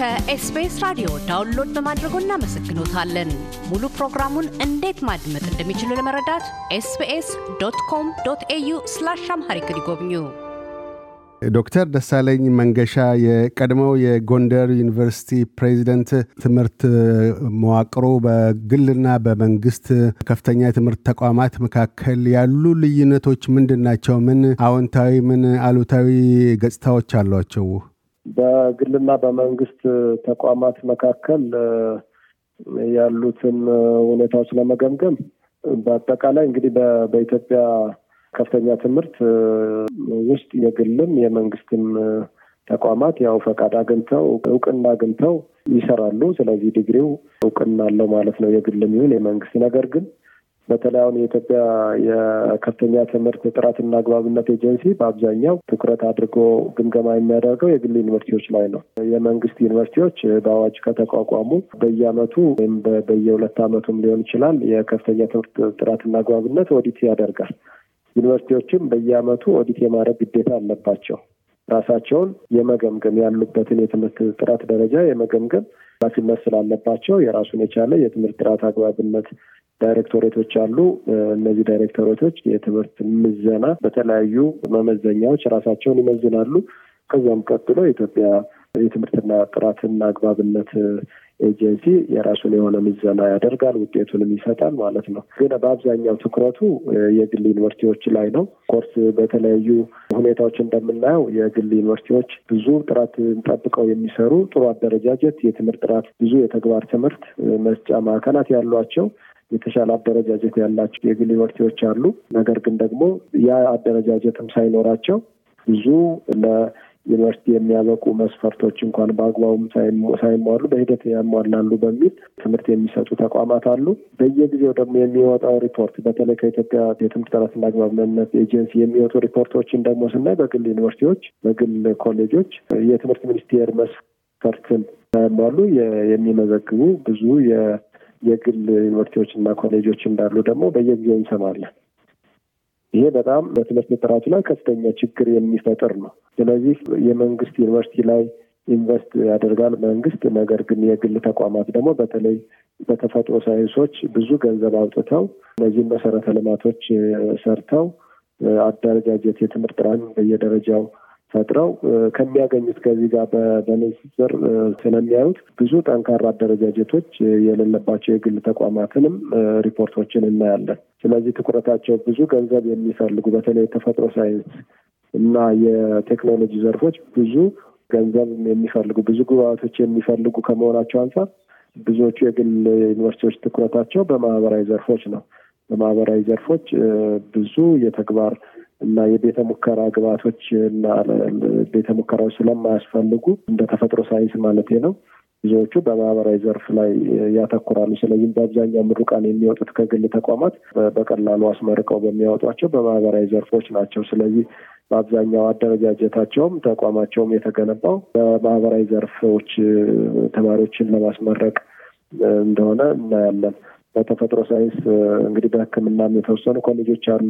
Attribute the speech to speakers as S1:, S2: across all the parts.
S1: ከኤስቢኤስ ራዲዮ ዳውንሎድ በማድረጎ እናመሰግኖታለን። ሙሉ ፕሮግራሙን እንዴት ማድመጥ እንደሚችሉ ለመረዳት ኤስቢኤስ ዶት ኮም ዶት ኤዩ ስላሽ አምሃሪክ ይጎብኙ።
S2: ዶክተር ደሳለኝ መንገሻ የቀድሞው የጎንደር ዩኒቨርሲቲ ፕሬዚደንት፣ ትምህርት መዋቅሩ በግልና በመንግስት ከፍተኛ የትምህርት ተቋማት መካከል ያሉ ልዩነቶች ምንድን ናቸው? ምን አዎንታዊ ምን አሉታዊ ገጽታዎች አሏቸው?
S1: በግልና በመንግስት ተቋማት መካከል ያሉትን ሁኔታዎች ለመገምገም በአጠቃላይ እንግዲህ በኢትዮጵያ ከፍተኛ ትምህርት ውስጥ የግልም የመንግስትም ተቋማት ያው ፈቃድ አግኝተው እውቅና አግኝተው ይሰራሉ። ስለዚህ ዲግሪው እውቅና አለው ማለት ነው የግልም ይሁን የመንግስት ነገር ግን በተለይ አሁን የኢትዮጵያ የከፍተኛ ትምህርት ጥራትና አግባብነት ኤጀንሲ በአብዛኛው ትኩረት አድርጎ ግምገማ የሚያደርገው የግል ዩኒቨርሲቲዎች ላይ ነው። የመንግስት ዩኒቨርሲቲዎች በአዋጅ ከተቋቋሙ በየአመቱ ወይም በየሁለት አመቱም ሊሆን ይችላል የከፍተኛ ትምህርት ጥራትና አግባብነት ኦዲት ያደርጋል። ዩኒቨርሲቲዎችም በየአመቱ ኦዲት የማድረግ ግዴታ አለባቸው። ራሳቸውን የመገምገም ያሉበትን የትምህርት ጥራት ደረጃ የመገምገም ኃላፊነት ስላለባቸው የራሱን የቻለ የትምህርት ጥራት አግባብነት ዳይሬክቶሬቶች አሉ። እነዚህ ዳይሬክቶሬቶች የትምህርት ምዘና በተለያዩ መመዘኛዎች ራሳቸውን ይመዝናሉ። ከዚያም ቀጥሎ የኢትዮጵያ የትምህርትና ጥራትና አግባብነት ኤጀንሲ የራሱን የሆነ ምዘና ያደርጋል፣ ውጤቱንም ይሰጣል ማለት ነው። ግን በአብዛኛው ትኩረቱ የግል ዩኒቨርሲቲዎች ላይ ነው። ኮርስ በተለያዩ ሁኔታዎች እንደምናየው የግል ዩኒቨርሲቲዎች ብዙ ጥራት ጠብቀው የሚሰሩ ጥሩ አደረጃጀት፣ የትምህርት ጥራት፣ ብዙ የተግባር ትምህርት መስጫ ማዕከላት ያሏቸው የተሻለ አደረጃጀት ያላቸው የግል ዩኒቨርሲቲዎች አሉ። ነገር ግን ደግሞ ያ አደረጃጀትም ሳይኖራቸው ብዙ ዩኒቨርሲቲ የሚያበቁ መስፈርቶች እንኳን በአግባቡም ሳይሟሉ በሂደት ያሟላሉ በሚል ትምህርት የሚሰጡ ተቋማት አሉ። በየጊዜው ደግሞ የሚወጣው ሪፖርት በተለይ ከኢትዮጵያ የትምህርት ጥራትና አግባብነት ኤጀንሲ የሚወጡ ሪፖርቶችን ደግሞ ስናይ በግል ዩኒቨርሲቲዎች፣ በግል ኮሌጆች የትምህርት ሚኒስቴር መስፈርትን ሳያሟሉ የሚመዘግቡ ብዙ የግል ዩኒቨርሲቲዎች እና ኮሌጆች እንዳሉ ደግሞ በየጊዜው እንሰማለን። ይሄ በጣም በትምህርት ጥራቱ ላይ ከፍተኛ ችግር የሚፈጥር ነው። ስለዚህ የመንግስት ዩኒቨርሲቲ ላይ ኢንቨስት ያደርጋል መንግስት። ነገር ግን የግል ተቋማት ደግሞ በተለይ በተፈጥሮ ሳይንሶች ብዙ ገንዘብ አውጥተው እነዚህም መሰረተ ልማቶች ሰርተው አደረጃጀት የትምህርት ጥራት በየደረጃው ፈጥረው ከሚያገኙት ከዚህ ጋር በንጽጽር ስለሚያዩት ብዙ ጠንካራ አደረጃጀቶች የሌለባቸው የግል ተቋማትንም ሪፖርቶችን እናያለን። ስለዚህ ትኩረታቸው ብዙ ገንዘብ የሚፈልጉ በተለይ የተፈጥሮ ሳይንስ እና የቴክኖሎጂ ዘርፎች ብዙ ገንዘብ የሚፈልጉ ብዙ ግብአቶች የሚፈልጉ ከመሆናቸው አንጻር ብዙዎቹ የግል ዩኒቨርሲቲዎች ትኩረታቸው በማህበራዊ ዘርፎች ነው። በማህበራዊ ዘርፎች ብዙ የተግባር እና የቤተ ሙከራ ግብዓቶች እና ቤተ ሙከራዎች ስለማያስፈልጉ እንደ ተፈጥሮ ሳይንስ ማለት ነው ብዙዎቹ በማህበራዊ ዘርፍ ላይ ያተኩራሉ። ስለዚህም በአብዛኛው ምሩቃን የሚወጡት ከግል ተቋማት በቀላሉ አስመርቀው በሚያወጧቸው በማህበራዊ ዘርፎች ናቸው። ስለዚህ በአብዛኛው አደረጃጀታቸውም ተቋማቸውም የተገነባው በማህበራዊ ዘርፎች ተማሪዎችን ለማስመረቅ እንደሆነ እናያለን። በተፈጥሮ ሳይንስ እንግዲህ በሕክምናም የተወሰኑ ኮሌጆች አሉ።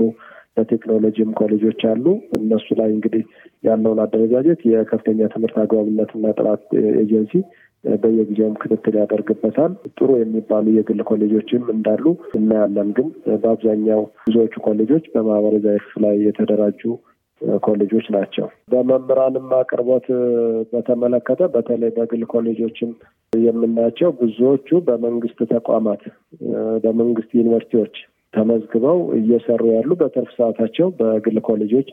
S1: በቴክኖሎጂም ኮሌጆች አሉ። እነሱ ላይ እንግዲህ ያለውን አደረጃጀት የከፍተኛ ትምህርት አግባብነትና ጥራት ኤጀንሲ በየጊዜውም ክትትል ያደርግበታል። ጥሩ የሚባሉ የግል ኮሌጆችም እንዳሉ እናያለን። ግን በአብዛኛው ብዙዎቹ ኮሌጆች በማህበረ ላይ የተደራጁ ኮሌጆች ናቸው። በመምህራንም አቅርቦት በተመለከተ በተለይ በግል ኮሌጆችም የምናያቸው ብዙዎቹ በመንግስት ተቋማት በመንግስት ዩኒቨርሲቲዎች ተመዝግበው እየሰሩ ያሉ በትርፍ ሰዓታቸው በግል ኮሌጆች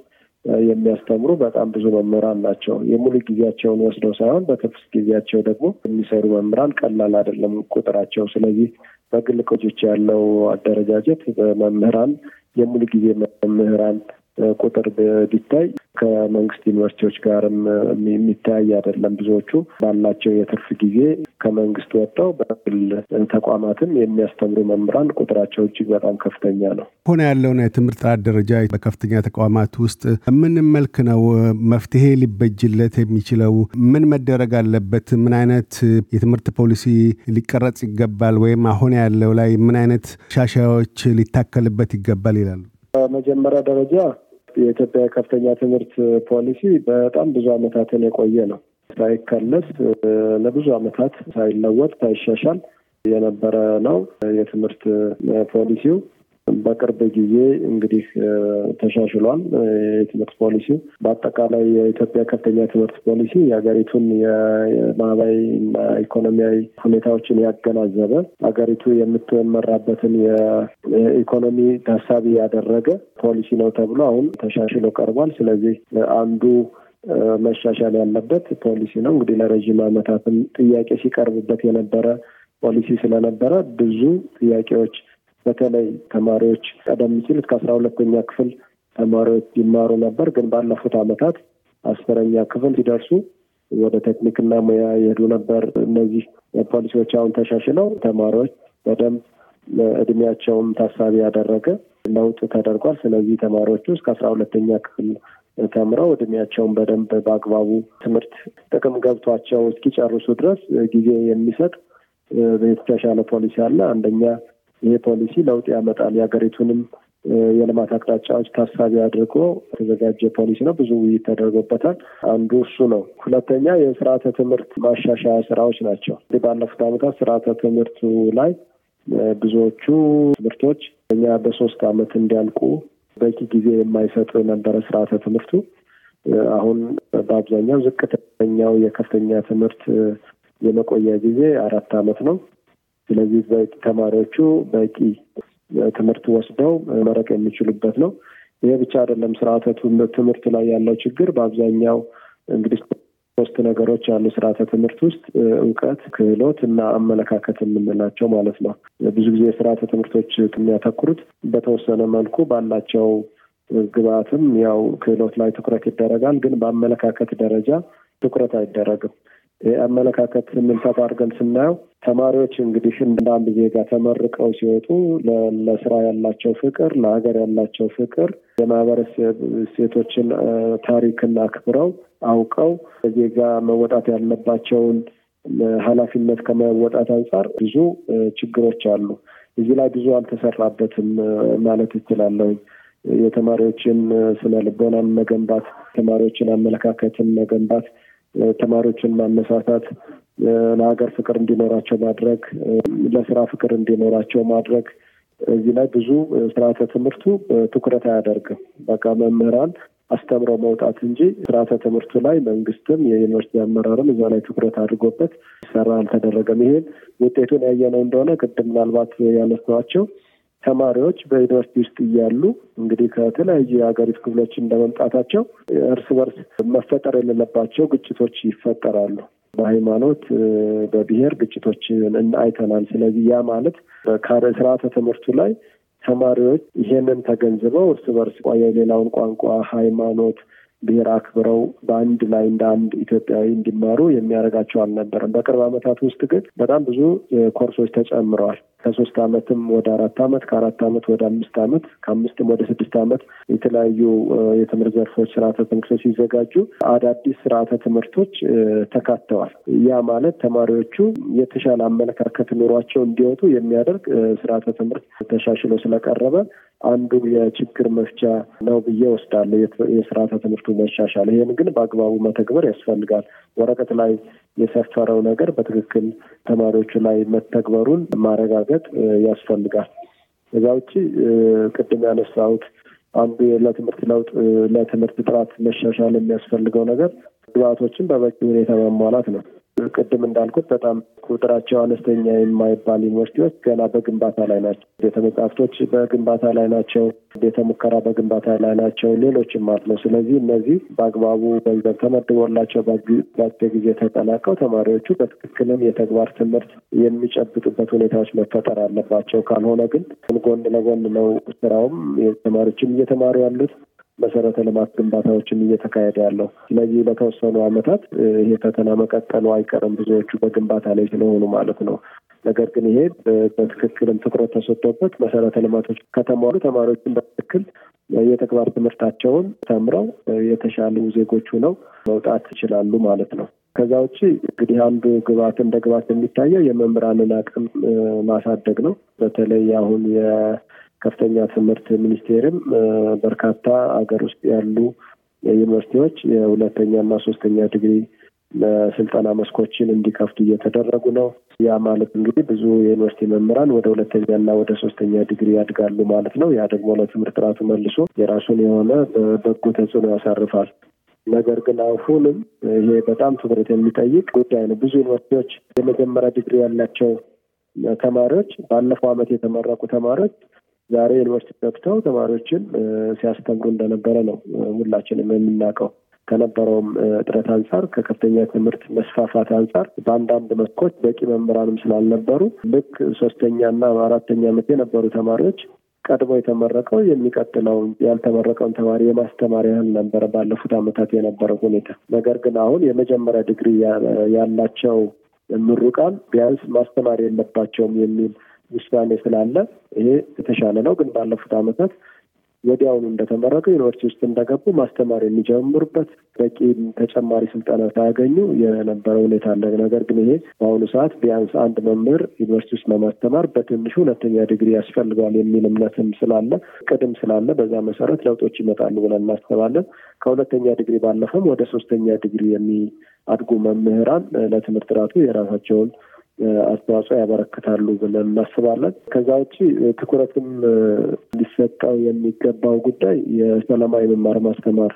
S1: የሚያስተምሩ በጣም ብዙ መምህራን ናቸው። የሙሉ ጊዜያቸውን ወስደው ሳይሆን በትርፍ ጊዜያቸው ደግሞ የሚሰሩ መምህራን ቀላል አይደለም ቁጥራቸው። ስለዚህ በግል ኮሌጆች ያለው አደረጃጀት በመምህራን የሙሉ ጊዜ መምህራን ቁጥር ቢታይ ከመንግስት ዩኒቨርሲቲዎች ጋርም የሚታይ አይደለም። ብዙዎቹ ባላቸው የትርፍ ጊዜ ከመንግስት ወጥተው በግል ተቋማትም የሚያስተምሩ መምህራን ቁጥራቸው እጅግ በጣም ከፍተኛ ነው።
S2: ሆነ ያለውን የትምህርት ጥራት ደረጃ በከፍተኛ ተቋማት ውስጥ ምን መልክ ነው መፍትሄ ሊበጅለት የሚችለው? ምን መደረግ አለበት? ምን አይነት የትምህርት ፖሊሲ ሊቀረጽ ይገባል? ወይም አሁን ያለው ላይ ምን አይነት ሻሻዎች ሊታከልበት ይገባል ይላሉ?
S1: በመጀመሪያ ደረጃ የኢትዮጵያ ከፍተኛ ትምህርት ፖሊሲ በጣም ብዙ ዓመታትን የቆየ ነው። ሳይከለስ ለብዙ ዓመታት ሳይለወጥ ሳይሻሻል የነበረ ነው የትምህርት ፖሊሲው። በቅርብ ጊዜ እንግዲህ ተሻሽሏል። የትምህርት ፖሊሲ በአጠቃላይ የኢትዮጵያ ከፍተኛ ትምህርት ፖሊሲ የሀገሪቱን የማህበራዊ እና ኢኮኖሚያዊ ሁኔታዎችን ያገናዘበ ሀገሪቱ የምትመራበትን የኢኮኖሚ ታሳቢ ያደረገ ፖሊሲ ነው ተብሎ አሁን ተሻሽሎ ቀርቧል። ስለዚህ አንዱ መሻሻል ያለበት ፖሊሲ ነው። እንግዲህ ለረዥም ዓመታትም ጥያቄ ሲቀርብበት የነበረ ፖሊሲ ስለነበረ ብዙ ጥያቄዎች በተለይ ተማሪዎች ቀደም ሲል እስከ አስራ ሁለተኛ ክፍል ተማሪዎች ይማሩ ነበር። ግን ባለፉት ዓመታት አስረኛ ክፍል ሲደርሱ ወደ ቴክኒክና ሙያ ይሄዱ ነበር። እነዚህ ፖሊሲዎች አሁን ተሻሽለው ተማሪዎች በደንብ እድሜያቸውም ታሳቢ ያደረገ ለውጥ ተደርጓል። ስለዚህ ተማሪዎቹ እስከ አስራ ሁለተኛ ክፍል ተምረው እድሜያቸውን በደንብ በአግባቡ ትምህርት ጥቅም ገብቷቸው እስኪጨርሱ ድረስ ጊዜ የሚሰጥ የተሻሻለ ፖሊሲ አለ። አንደኛ ይሄ ፖሊሲ ለውጥ ያመጣል የሀገሪቱንም የልማት አቅጣጫዎች ታሳቢ አድርጎ የተዘጋጀ ፖሊሲ ነው። ብዙ ውይይት ተደርጎበታል። አንዱ እሱ ነው። ሁለተኛ የስርዓተ ትምህርት ማሻሻያ ስራዎች ናቸው። እንግዲህ ባለፉት ዓመታት ስርዓተ ትምህርቱ ላይ ብዙዎቹ ትምህርቶች እኛ በሶስት ዓመት እንዲያልቁ በቂ ጊዜ የማይሰጥ ነበረ ስርዓተ ትምህርቱ። አሁን በአብዛኛው ዝቅተኛው የከፍተኛ ትምህርት የመቆያ ጊዜ አራት ዓመት ነው። ስለዚህ በቂ ተማሪዎቹ በቂ ትምህርት ወስደው መረቅ የሚችሉበት ነው። ይሄ ብቻ አይደለም። ስርዓተ ትምህርት ላይ ያለው ችግር በአብዛኛው እንግዲህ ሶስት ነገሮች ያሉ ስርዓተ ትምህርት ውስጥ እውቀት፣ ክህሎት እና አመለካከት የምንላቸው ማለት ነው። ብዙ ጊዜ ስርዓተ ትምህርቶች የሚያተኩሩት በተወሰነ መልኩ ባላቸው ግብዓትም ያው ክህሎት ላይ ትኩረት ይደረጋል፣ ግን በአመለካከት ደረጃ ትኩረት አይደረግም። አመለካከት ምንሰፋ አድርገን ስናየው ተማሪዎች እንግዲህ እንደ አንድ ዜጋ ተመርቀው ሲወጡ ለስራ ያላቸው ፍቅር፣ ለሀገር ያላቸው ፍቅር፣ የማህበረሰብ ሴቶችን ታሪክን አክብረው አውቀው ዜጋ መወጣት ያለባቸውን ኃላፊነት ከመወጣት አንጻር ብዙ ችግሮች አሉ። እዚህ ላይ ብዙ አልተሰራበትም ማለት እችላለሁኝ። የተማሪዎችን ስነ ልቦናን መገንባት፣ ተማሪዎችን አመለካከትን መገንባት ተማሪዎችን ማነሳሳት፣ ለሀገር ፍቅር እንዲኖራቸው ማድረግ፣ ለስራ ፍቅር እንዲኖራቸው ማድረግ እዚህ ላይ ብዙ ስርዓተ ትምህርቱ ትኩረት አያደርግም። በቃ መምህራን አስተምረው መውጣት እንጂ ስርዓተ ትምህርቱ ላይ መንግስትም የዩኒቨርሲቲ አመራርም እዛ ላይ ትኩረት አድርጎበት ይሰራ አልተደረገም። ይሄን ውጤቱን ያየነው እንደሆነ ቅድም ምናልባት ያነሳቸው ተማሪዎች በዩኒቨርሲቲ ውስጥ እያሉ እንግዲህ ከተለያዩ የሀገሪቱ ክፍሎች እንደመምጣታቸው እርስ በርስ መፈጠር የሌለባቸው ግጭቶች ይፈጠራሉ። በሃይማኖት በብሔር ግጭቶች አይተናል። ስለዚህ ያ ማለት ስርዓተ ትምህርቱ ላይ ተማሪዎች ይሄንን ተገንዝበው እርስ በርስ የሌላውን ቋንቋ፣ ሃይማኖት፣ ብሔር አክብረው በአንድ ላይ እንደ አንድ ኢትዮጵያዊ እንዲማሩ የሚያደርጋቸው አልነበረም። በቅርብ ዓመታት ውስጥ ግን በጣም ብዙ ኮርሶች ተጨምረዋል። ከሶስት አመትም ወደ አራት አመት ከአራት አመት ወደ አምስት አመት ከአምስትም ወደ ስድስት አመት የተለያዩ የትምህርት ዘርፎች ስርዓተ ትምህርቶች ሲዘጋጁ አዳዲስ ስርዓተ ትምህርቶች ተካተዋል። ያ ማለት ተማሪዎቹ የተሻለ አመለካከት ኑሯቸው እንዲወጡ የሚያደርግ ስርዓተ ትምህርት ተሻሽሎ ስለቀረበ አንዱ የችግር መፍቻ ነው ብዬ ወስዳለሁ። የስርዓተ ትምህርቱ መሻሻል ይሄን ግን በአግባቡ መተግበር ያስፈልጋል። ወረቀት ላይ የሰፈረው ነገር በትክክል ተማሪዎቹ ላይ መተግበሩን ማረጋገጥ ያስፈልጋል። እዛ ውጭ ቅድም ያነሳሁት አንዱ ለትምህርት ለውጥ ለትምህርት ጥራት መሻሻል የሚያስፈልገው ነገር ግብዓቶችን በበቂ ሁኔታ መሟላት ነው። ቅድም እንዳልኩት በጣም ቁጥራቸው አነስተኛ የማይባል ዩኒቨርሲቲዎች ገና በግንባታ ላይ ናቸው። ቤተ መጻሕፍቶች በግንባታ ላይ ናቸው። ቤተ ሙከራ በግንባታ ላይ ናቸው። ሌሎችም ማለት ነው። ስለዚህ እነዚህ በአግባቡ ገንዘብ ተመድቦላቸው ባቸው ጊዜ ተጠናቀው ተማሪዎቹ በትክክልም የተግባር ትምህርት የሚጨብጡበት ሁኔታዎች መፈጠር አለባቸው። ካልሆነ ግን ጎን ለጎን ነው ስራውም ተማሪዎችም እየተማሩ ያሉት መሰረተ ልማት ግንባታዎችም እየተካሄደ ያለው። ስለዚህ ለተወሰኑ ዓመታት ይሄ ፈተና መቀጠሉ አይቀርም ብዙዎቹ በግንባታ ላይ ስለሆኑ ማለት ነው። ነገር ግን ይሄ በትክክልም ትኩረት ተሰጥቶበት መሰረተ ልማቶች ከተሟሉ ተማሪዎችን በትክክል የተግባር ትምህርታቸውን ተምረው የተሻሉ ዜጎች ሆነው መውጣት ይችላሉ ማለት ነው። ከዛ ውጭ እንግዲህ አንዱ ግባት እንደ ግባት የሚታየው የመምህራንን አቅም ማሳደግ ነው። በተለይ አሁን ከፍተኛ ትምህርት ሚኒስቴርም በርካታ ሀገር ውስጥ ያሉ ዩኒቨርሲቲዎች የሁለተኛና ሶስተኛ ዲግሪ ስልጠና መስኮችን እንዲከፍቱ እየተደረጉ ነው። ያ ማለት እንግዲህ ብዙ የዩኒቨርሲቲ መምህራን ወደ ሁለተኛና ወደ ሶስተኛ ዲግሪ ያድጋሉ ማለት ነው። ያ ደግሞ ለትምህርት ጥራቱ መልሶ የራሱን የሆነ በጎ ተጽዕኖ ያሳርፋል። ነገር ግን አሁንም ይሄ በጣም ትኩረት የሚጠይቅ ጉዳይ ነው። ብዙ ዩኒቨርሲቲዎች የመጀመሪያ ዲግሪ ያላቸው ተማሪዎች ባለፈው ዓመት የተመረቁ ተማሪዎች ዛሬ ዩኒቨርሲቲ ገብተው ተማሪዎችን ሲያስተምሩ እንደነበረ ነው ሁላችንም የምናውቀው። ከነበረውም እጥረት አንጻር ከከፍተኛ ትምህርት መስፋፋት አንጻር በአንዳንድ መስኮች በቂ መምህራንም ስላልነበሩ ልክ ሶስተኛና አራተኛ ዓመት የነበሩ ተማሪዎች ቀድሞ የተመረቀው የሚቀጥለው ያልተመረቀውን ተማሪ የማስተማር ያህል ነበረ ባለፉት ዓመታት የነበረው ሁኔታ። ነገር ግን አሁን የመጀመሪያ ዲግሪ ያላቸው ምሩቃን ቢያንስ ማስተማር የለባቸውም የሚል ውሳኔ ስላለ ይሄ የተሻለ ነው። ግን ባለፉት ዓመታት ወዲያውኑ እንደተመረቁ ዩኒቨርሲቲ ውስጥ እንደገቡ ማስተማር የሚጀምሩበት በቂ ተጨማሪ ስልጠና ሳያገኙ የነበረ ሁኔታ አለ። ነገር ግን ይሄ በአሁኑ ሰዓት ቢያንስ አንድ መምህር ዩኒቨርሲቲ ውስጥ ለማስተማር በትንሹ ሁለተኛ ዲግሪ ያስፈልገዋል የሚል እምነትም ስላለ ቅድም ስላለ በዛ መሰረት ለውጦች ይመጣሉ ብለን እናስባለን። ከሁለተኛ ዲግሪ ባለፈም ወደ ሶስተኛ ዲግሪ አድጉ መምህራን ለትምህርት ጥራቱ የራሳቸውን አስተዋጽኦ ያበረክታሉ ብለን እናስባለን። ከዛ ውጭ ትኩረትም ሊሰጠው የሚገባው ጉዳይ የሰላማዊ መማር ማስተማር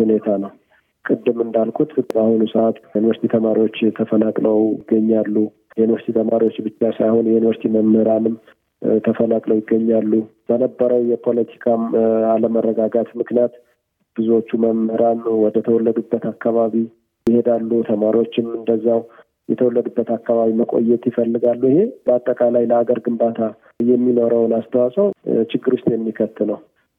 S1: ሁኔታ ነው። ቅድም እንዳልኩት በአሁኑ ሰዓት ዩኒቨርሲቲ ተማሪዎች ተፈናቅለው ይገኛሉ። የዩኒቨርሲቲ ተማሪዎች ብቻ ሳይሆን የዩኒቨርሲቲ መምህራንም ተፈናቅለው ይገኛሉ። በነበረው የፖለቲካም አለመረጋጋት ምክንያት ብዙዎቹ መምህራን ወደ ተወለዱበት አካባቢ ይሄዳሉ። ተማሪዎችም እንደዛው የተወለዱበት አካባቢ መቆየት ይፈልጋሉ። ይሄ በአጠቃላይ ለሀገር ግንባታ የሚኖረውን አስተዋጽኦ ችግር ውስጥ የሚከት ነው።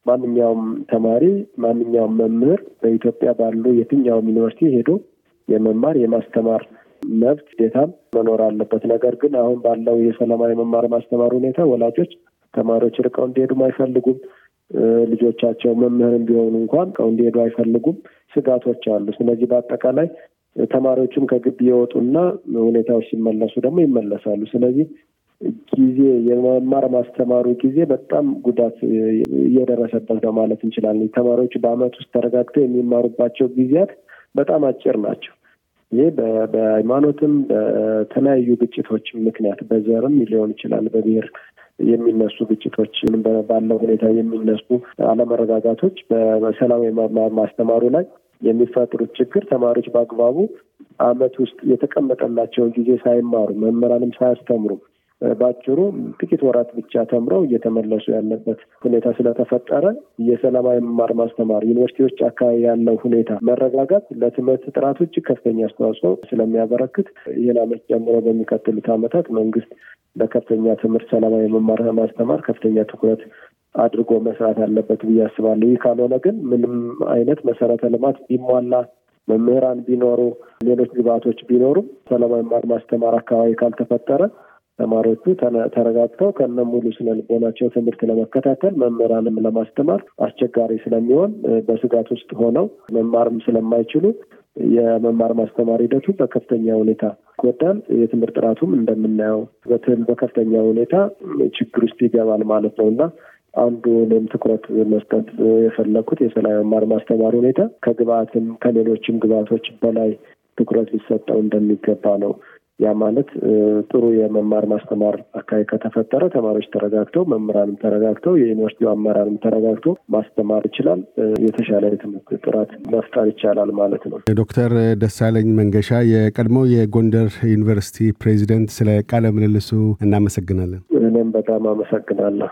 S1: ማንኛውም ተማሪ፣ ማንኛውም መምህር በኢትዮጵያ ባሉ የትኛውም ዩኒቨርሲቲ ሄዶ የመማር የማስተማር መብት ግዴታም መኖር አለበት። ነገር ግን አሁን ባለው የሰላማዊ መማር ማስተማር ሁኔታ ወላጆች ተማሪዎች ርቀው እንዲሄዱም አይፈልጉም። ልጆቻቸው መምህርም ቢሆኑ እንኳን ቀው እንዲሄዱ አይፈልጉም። ስጋቶች አሉ። ስለዚህ በአጠቃላይ ተማሪዎቹም ከግቢ የወጡና ሁኔታዎች ሲመለሱ ደግሞ ይመለሳሉ። ስለዚህ ጊዜ የመማር ማስተማሩ ጊዜ በጣም ጉዳት እየደረሰበት ነው ማለት እንችላለን። ተማሪዎቹ በአመት ውስጥ ተረጋግተው የሚማሩባቸው ጊዜያት በጣም አጭር ናቸው። ይህ በሃይማኖትም በተለያዩ ግጭቶች ምክንያት በዘርም ሊሆን ይችላል በብሔር የሚነሱ ግጭቶች ባለው ሁኔታ የሚነሱ አለመረጋጋቶች በሰላማዊ ማስተማሩ ላይ የሚፈጥሩት ችግር ተማሪዎች በአግባቡ አመት ውስጥ የተቀመጠላቸውን ጊዜ ሳይማሩ መምህራንም ሳያስተምሩ በአጭሩ ጥቂት ወራት ብቻ ተምረው እየተመለሱ ያለበት ሁኔታ ስለተፈጠረ የሰላማዊ መማር ማስተማር ዩኒቨርሲቲዎች አካባቢ ያለው ሁኔታ መረጋጋት ለትምህርት ጥራት እጅግ ከፍተኛ አስተዋጽኦ ስለሚያበረክት ይህን አመት ጨምሮ በሚቀጥሉት አመታት መንግስት ለከፍተኛ ትምህርት ሰላማዊ መማር ማስተማር ከፍተኛ ትኩረት አድርጎ መስራት ያለበት ብዬ አስባለሁ። ይህ ካልሆነ ግን ምንም አይነት መሰረተ ልማት ቢሟላ መምህራን ቢኖሩ፣ ሌሎች ግብአቶች ቢኖሩም ሰላማዊ መማር ማስተማር አካባቢ ካልተፈጠረ ተማሪዎቹ ተረጋግተው ከነ ሙሉ ስነ ልቦናቸው ትምህርት ለመከታተል መምህራንም ለማስተማር አስቸጋሪ ስለሚሆን በስጋት ውስጥ ሆነው መማርም ስለማይችሉ የመማር ማስተማር ሂደቱ በከፍተኛ ሁኔታ ይጎዳል። የትምህርት ጥራቱም እንደምናየው በከፍተኛ ሁኔታ ችግር ውስጥ ይገባል ማለት ነው እና አንዱ እኔም ትኩረት መስጠት የፈለግኩት የሰላም መማር ማስተማር ሁኔታ ከግብአትም ከሌሎችም ግብአቶች በላይ ትኩረት ሊሰጠው እንደሚገባ ነው። ያ ማለት ጥሩ የመማር ማስተማር አካባቢ ከተፈጠረ ተማሪዎች ተረጋግተው፣ መምህራንም ተረጋግተው፣ የዩኒቨርሲቲው አመራርም ተረጋግቶ ማስተማር ይችላል። የተሻለ የትምህርት ጥራት መፍጠር ይቻላል ማለት ነው።
S2: ዶክተር ደሳለኝ መንገሻ የቀድሞ የጎንደር ዩኒቨርሲቲ ፕሬዚደንት፣ ስለ ቃለ ምልልሱ እናመሰግናለን።
S1: እኔም በጣም አመሰግናለሁ።